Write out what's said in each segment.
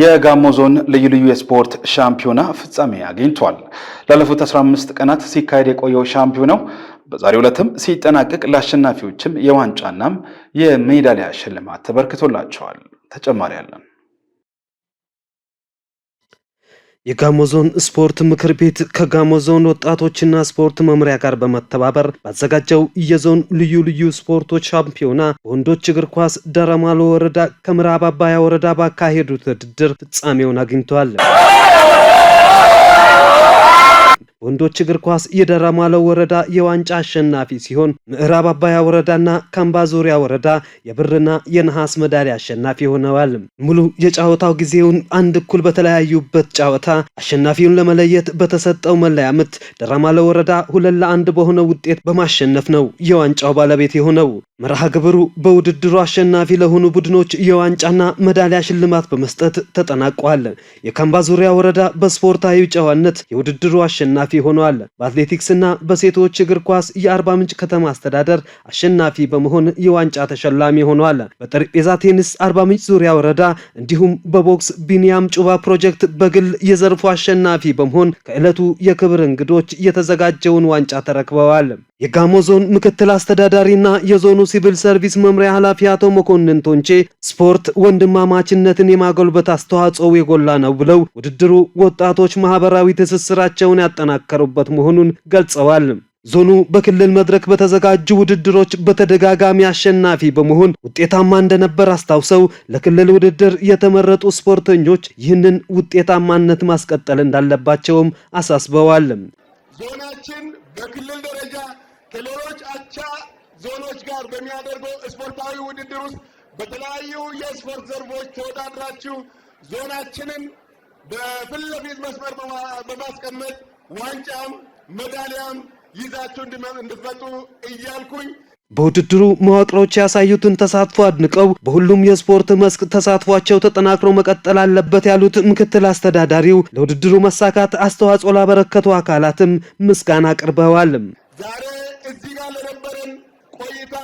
የጋሞ ዞን ልዩ ልዩ የስፖርት ሻምፒዮና ፍጻሜ አግኝቷል። ላለፉት 15 ቀናት ሲካሄድ የቆየው ሻምፒዮናው በዛሬው ዕለትም ሲጠናቀቅ ለአሸናፊዎችም የዋንጫናም የሜዳሊያ ሽልማት ተበርክቶላቸዋል። ተጨማሪ አለን። የጋሞ ዞን ስፖርት ምክር ቤት ከጋሞ ዞን ወጣቶችና ስፖርት መምሪያ ጋር በመተባበር ባዘጋጀው የዞን ልዩ ልዩ ስፖርቶች ሻምፒዮና በወንዶች እግር ኳስ ደረማሎ ወረዳ ከምዕራብ አባያ ወረዳ ባካሄዱት ውድድር ፍጻሜውን አግኝተዋል። ወንዶች እግር ኳስ የደራማለው ወረዳ የዋንጫ አሸናፊ ሲሆን ምዕራብ አባያ ወረዳና ካምባ ዙሪያ ወረዳ የብርና የነሐስ መዳሊያ አሸናፊ ሆነዋል። ሙሉ የጨዋታው ጊዜውን አንድ እኩል በተለያዩበት ጨዋታ አሸናፊውን ለመለየት በተሰጠው መለያ ምት ደራማለው ወረዳ ሁለት ለአንድ በሆነ ውጤት በማሸነፍ ነው የዋንጫው ባለቤት የሆነው። መርሃ ግብሩ በውድድሩ አሸናፊ ለሆኑ ቡድኖች የዋንጫና መዳሊያ ሽልማት በመስጠት ተጠናቋል። የካምባ ዙሪያ ወረዳ በስፖርታዊ ጨዋነት የውድድሩ አሸናፊ መፍትሄ ሆኗል። በአትሌቲክስና በሴቶች እግር ኳስ የአርባ ምንጭ ከተማ አስተዳደር አሸናፊ በመሆን የዋንጫ ተሸላሚ ሆኗል። በጠረጴዛ ቴኒስ አርባ ምንጭ ዙሪያ ወረዳ እንዲሁም በቦክስ ቢኒያም ጩባ ፕሮጀክት በግል የዘርፉ አሸናፊ በመሆን ከዕለቱ የክብር እንግዶች የተዘጋጀውን ዋንጫ ተረክበዋል። የጋሞ ዞን ምክትል አስተዳዳሪና የዞኑ ሲቪል ሰርቪስ መምሪያ ኃላፊ አቶ መኮንን ቶንቼ ስፖርት ወንድማማችነትን የማጎልበት አስተዋጽኦ የጎላ ነው ብለው ውድድሩ ወጣቶች ማህበራዊ ትስስራቸውን ያጠናከሩበት መሆኑን ገልጸዋል። ዞኑ በክልል መድረክ በተዘጋጁ ውድድሮች በተደጋጋሚ አሸናፊ በመሆን ውጤታማ እንደነበር አስታውሰው ለክልል ውድድር የተመረጡ ስፖርተኞች ይህንን ውጤታማነት ማስቀጠል እንዳለባቸውም አሳስበዋል። ዞናችን በክልል ደረጃ ከሌሎች አቻ ዞኖች ጋር በሚያደርገው ስፖርታዊ ውድድር ውስጥ በተለያዩ የስፖርት ዘርፎች ተወዳድራችሁ ዞናችንን በፊት ለፊት መስመር በማስቀመጥ ዋንጫም ሜዳሊያም ይዛችሁ እንድትመጡ እያልኩኝ በውድድሩ መዋቅሮች ያሳዩትን ተሳትፎ አድንቀው በሁሉም የስፖርት መስክ ተሳትፏቸው ተጠናክሮ መቀጠል አለበት ያሉት ምክትል አስተዳዳሪው ለውድድሩ መሳካት አስተዋጽኦ ላበረከቱ አካላትም ምስጋና አቅርበዋል። እዚህ ጋር ለነበረን ቆይታ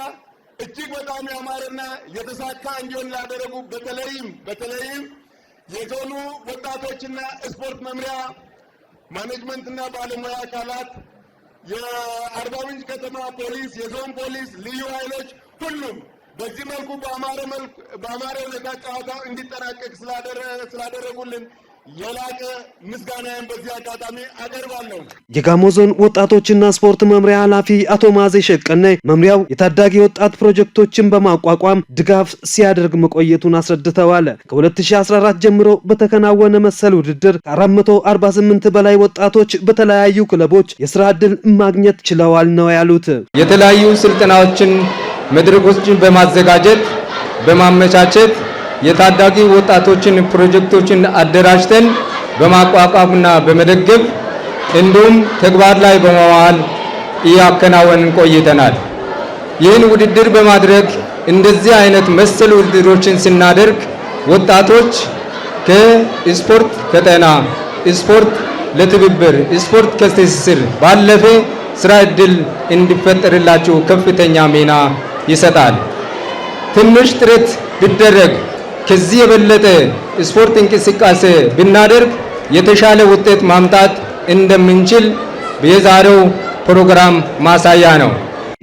እጅግ በጣም ያማረና የተሳካ እንዲሆን ላደረጉ በተለይም በተለይም የዞኑ ወጣቶችና ስፖርት መምሪያ ማኔጅመንትና ባለሙያ አካላት፣ የአርባ ምንጭ ከተማ ፖሊስ፣ የዞን ፖሊስ፣ ልዩ ኃይሎች ሁሉም በዚህ መልኩ በአማረ መልኩ በአማረ ሁኔታ እንዲጠናቀቅ ስላደረጉልን የላቀ ምስጋናዬን በዚህ አጋጣሚ አቀርባለሁ። የጋሞ ዞን ወጣቶችና ስፖርት መምሪያ ኃላፊ አቶ ማዜ ሸቀነ መምሪያው የታዳጊ ወጣት ፕሮጀክቶችን በማቋቋም ድጋፍ ሲያደርግ መቆየቱን አስረድተዋል። ከ2014 ጀምሮ በተከናወነ መሰል ውድድር ከ448 በላይ ወጣቶች በተለያዩ ክለቦች የስራ ዕድል ማግኘት ችለዋል ነው ያሉት። የተለያዩ ስልጠናዎችን መድረኮችን በማዘጋጀት በማመቻቸት የታዳጊ ወጣቶችን ፕሮጀክቶችን አደራጅተን በማቋቋምና በመደገፍ እንዲሁም ተግባር ላይ በመዋል እያከናወንን ቆይተናል። ይህን ውድድር በማድረግ እንደዚህ አይነት መሰል ውድድሮችን ስናደርግ ወጣቶች ከስፖርት ከጤና ስፖርት ለትብብር ስፖርት ከትስስር ባለፈ ስራ ዕድል እንዲፈጠርላቸው ከፍተኛ ሚና ይሰጣል። ትንሽ ጥረት ቢደረግ ከዚህ የበለጠ ስፖርት እንቅስቃሴ ብናደርግ የተሻለ ውጤት ማምጣት እንደምንችል የዛሬው ፕሮግራም ማሳያ ነው።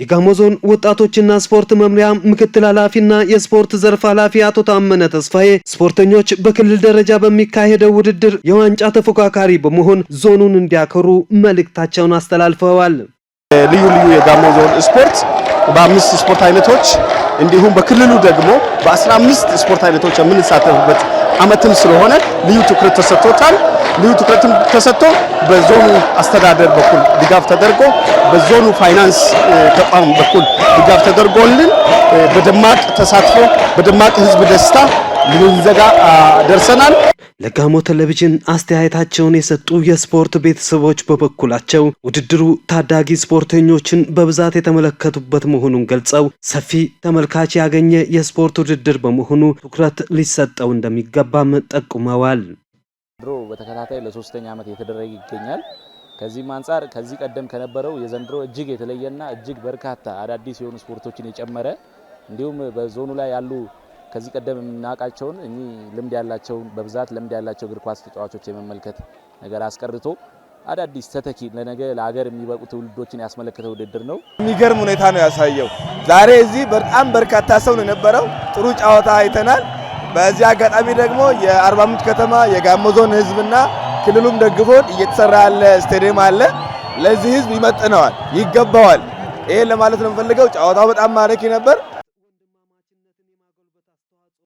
የጋሞ ዞን ወጣቶችና ስፖርት መምሪያ ምክትል ኃላፊና የስፖርት ዘርፍ ኃላፊ አቶ ታመነ ተስፋዬ ስፖርተኞች በክልል ደረጃ በሚካሄደው ውድድር የዋንጫ ተፎካካሪ በመሆን ዞኑን እንዲያከሩ መልእክታቸውን አስተላልፈዋል። ልዩ ልዩ የጋሞ ዞን ስፖርት በአምስት ስፖርት አይነቶች እንዲሁም በክልሉ ደግሞ በ15 ስፖርት አይነቶች የምንሳተፍበት አመትም ስለሆነ ልዩ ትኩረት ተሰጥቶታል። ልዩ ትኩረትም ተሰጥቶ በዞኑ አስተዳደር በኩል ድጋፍ ተደርጎ በዞኑ ፋይናንስ ተቋም በኩል ድጋፍ ተደርጎልን በደማቅ ተሳትፎ በደማቅ ህዝብ ደስታ ልንዘጋ ደርሰናል። ለጋሞ ቴሌቪዥን አስተያየታቸውን የሰጡ የስፖርት ቤተሰቦች በበኩላቸው ውድድሩ ታዳጊ ስፖርተኞችን በብዛት የተመለከቱበት መሆኑን ገልጸው ሰፊ ተመልካች ያገኘ የስፖርት ውድድር በመሆኑ ትኩረት ሊሰጠው እንደሚገባም ጠቁመዋል። ድሮ በተከታታይ ለሶስተኛ ዓመት የተደረገ ይገኛል። ከዚህም አንጻር ከዚህ ቀደም ከነበረው የዘንድሮ እጅግ የተለየና እጅግ በርካታ አዳዲስ የሆኑ ስፖርቶችን የጨመረ እንዲሁም በዞኑ ላይ ያሉ ከዚህ ቀደም የምናውቃቸውን እኚህ ልምድ ያላቸውን በብዛት ልምድ ያላቸው እግር ኳስ ተጫዋቾች የመመልከት ነገር አስቀርቶ አዳዲስ ተተኪ ለነገ ለሀገር የሚበቁ ትውልዶችን ያስመለከተ ውድድር ነው። የሚገርም ሁኔታ ነው ያሳየው። ዛሬ እዚህ በጣም በርካታ ሰው ነው የነበረው። ጥሩ ጨዋታ አይተናል። በዚህ አጋጣሚ ደግሞ የአርባ ምንጭ ከተማ የጋሞ ዞን ህዝብና ክልሉም ደግፎን እየተሰራ ያለ ስቴዲየም አለ። ለዚህ ህዝብ ይመጥነዋል፣ ይገባዋል። ይሄን ለማለት ነው የምፈልገው። ጨዋታው በጣም ማረኪ ነበር።